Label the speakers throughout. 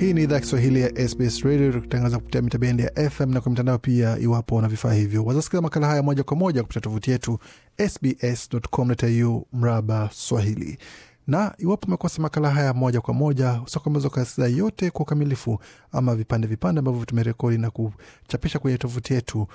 Speaker 1: Hii ni idhaa Kiswahili ya SBS Radio tukitangaza kupitia mitabendi ya FM na kwa mitandao pia, iwapo na vifaa hivyo wazasikiliza makala haya moja kwa moja kupitia tovuti yetu sbs.com.au mraba swahili, na iwapo umekosa makala haya moja kwa moja usakomeza ukasikiza yote kwa ukamilifu, ama vipande vipande ambavyo tumerekodi na kuchapisha kwenye tovuti yetu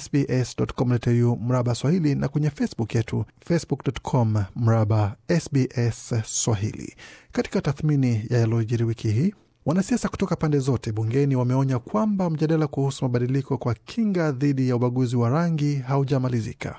Speaker 1: sbs.com.au mraba swahili na kwenye Facebook yetu facebook.com mraba sbs swahili. Katika tathmini ya yalojiri wiki hii Wanasiasa kutoka pande zote bungeni wameonya kwamba mjadala kuhusu mabadiliko kwa kinga dhidi ya ubaguzi wa rangi haujamalizika.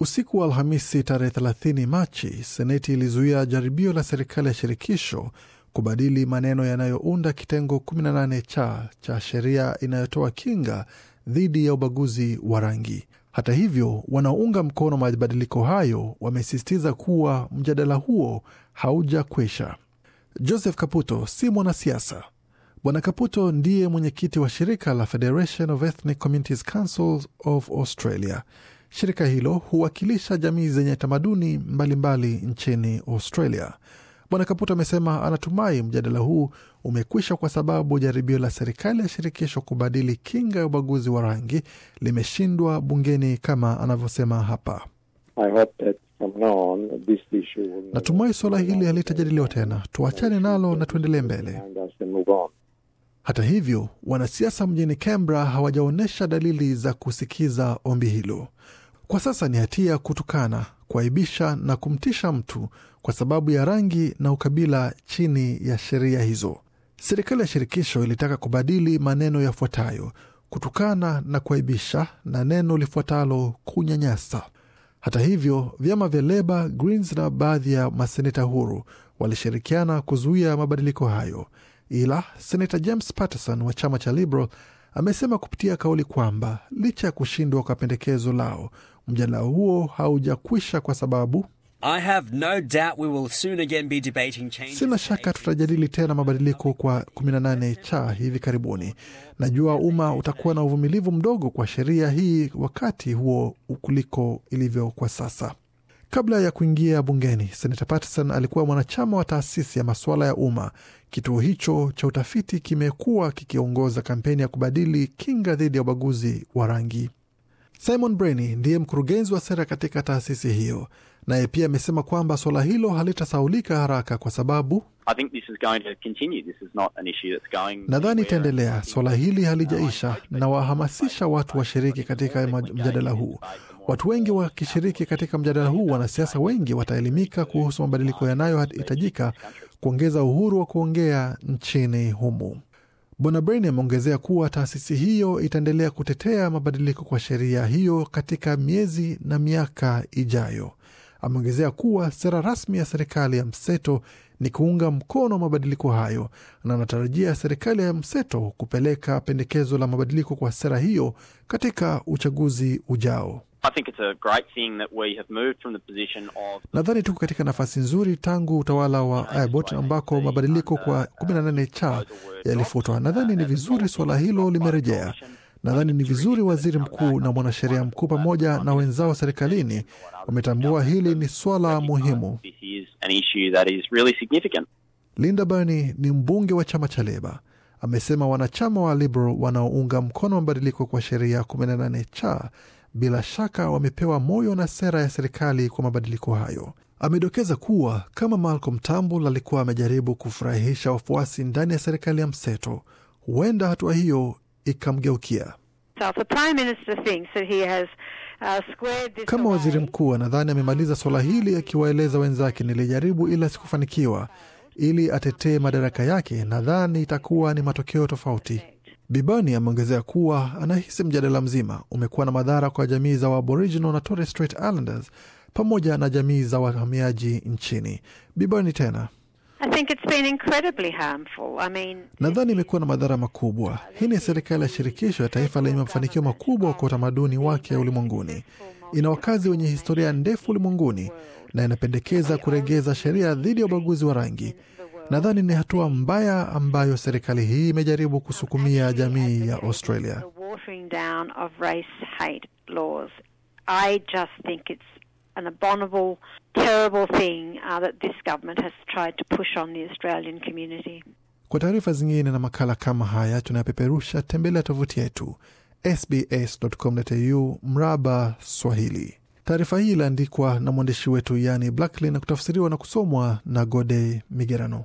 Speaker 1: Usiku wa Alhamisi tarehe 30 Machi, Seneti ilizuia jaribio la serikali ya shirikisho kubadili maneno yanayounda kitengo 18 cha cha sheria inayotoa kinga dhidi ya ubaguzi wa rangi. Hata hivyo, wanaounga mkono mabadiliko hayo wamesisitiza kuwa mjadala huo haujakwisha. Joseph Kaputo si mwanasiasa. Bwana Kaputo ndiye mwenyekiti wa shirika la Federation of Ethnic Communities Councils of Australia. Shirika hilo huwakilisha jamii zenye tamaduni mbalimbali mbali nchini Australia. Bwana Kaputo amesema anatumai mjadala huu umekwisha kwa sababu jaribio la serikali ya shirikisho kubadili kinga ya ubaguzi wa rangi limeshindwa bungeni kama anavyosema hapa. I hope that Natumai suala hili halitajadiliwa tena, tuachane nalo na tuendelee mbele. Hata hivyo, wanasiasa mjini Canberra hawajaonyesha dalili za kusikiza ombi hilo. Kwa sasa ni hatia kutukana, kuaibisha na kumtisha mtu kwa sababu ya rangi na ukabila chini ya sheria hizo. Serikali ya shirikisho ilitaka kubadili maneno yafuatayo: kutukana na kuaibisha na neno lifuatalo kunyanyasa. Hata hivyo, vyama vya Leba, Greens na baadhi ya maseneta huru walishirikiana kuzuia mabadiliko hayo, ila seneta James Patterson wa chama cha Liberal amesema kupitia kauli kwamba licha ya kushindwa kwa pendekezo lao, mjadala huo haujakwisha kwa sababu Sina shaka tutajadili tena mabadiliko kwa 18 cha hivi karibuni. Najua umma utakuwa na uvumilivu mdogo kwa sheria hii wakati huo kuliko ilivyo kwa sasa. Kabla ya kuingia bungeni, Senata Patterson alikuwa mwanachama wa taasisi ya masuala ya umma. Kituo hicho cha utafiti kimekuwa kikiongoza kampeni ya kubadili kinga dhidi ya ubaguzi wa rangi. Simon Breney ndiye mkurugenzi wa sera katika taasisi hiyo. Naye pia amesema kwamba suala hilo halitasahulika haraka kwa sababu nadhani itaendelea. Swala hili halijaisha, na wahamasisha watu washiriki katika mjadala huu. Watu wengi wakishiriki katika mjadala huu, wanasiasa wengi wataelimika kuhusu mabadiliko yanayohitajika kuongeza uhuru wa kuongea nchini humu. Bwana Brain ameongezea kuwa taasisi hiyo itaendelea kutetea mabadiliko kwa sheria hiyo katika miezi na miaka ijayo. Ameongezea kuwa sera rasmi ya serikali ya mseto ni kuunga mkono mabadiliko hayo na anatarajia serikali ya mseto kupeleka pendekezo la mabadiliko kwa sera hiyo katika uchaguzi ujao. nadhani tuko katika nafasi nzuri tangu utawala wa Abbott ambako mabadiliko kwa 18 cha yalifutwa. Nadhani ni vizuri suala hilo limerejea. Nadhani ni vizuri waziri mkuu na mwanasheria mkuu pamoja na wenzao serikalini wametambua hili ni swala muhimu. Linda Burney ni mbunge wa chama cha Leba, amesema wanachama wa Liberal wanaounga mkono mabadiliko kwa sheria 18 cha bila shaka wamepewa moyo na sera ya serikali kwa mabadiliko hayo. Amedokeza kuwa kama Malcolm Turnbull alikuwa amejaribu kufurahisha wafuasi ndani ya serikali ya mseto, huenda hatua hiyo ikamgeukia. Uh, Kama waziri mkuu anadhani amemaliza swala hili, akiwaeleza wenzake, nilijaribu ila sikufanikiwa, ili atetee madaraka yake, nadhani itakuwa ni matokeo tofauti. Bibani ameongezea kuwa anahisi mjadala mzima umekuwa na madhara kwa jamii za Aboriginal na Torres Strait Islanders pamoja na jamii za wahamiaji nchini. Bibani tena nadhani imekuwa na madhara makubwa. Hii ni serikali ya shirikisho ya taifa lenye mafanikio makubwa kwa utamaduni wake ulimwenguni. Ina wakazi wenye historia ndefu ulimwenguni na inapendekeza kuregeza sheria dhidi ya ubaguzi wa rangi. Nadhani ni hatua mbaya ambayo serikali hii imejaribu kusukumia jamii ya Australia. I just think it's an abominable, terrible thing uh, that this government has tried to push on the Australian community. Kwa taarifa zingine na makala kama haya tunayopeperusha, tembelea tovuti yetu sbs.com.au mraba Swahili. Taarifa hii iliandikwa na mwandishi wetu yani Blackley na kutafsiriwa na kusomwa na Gode Migerano.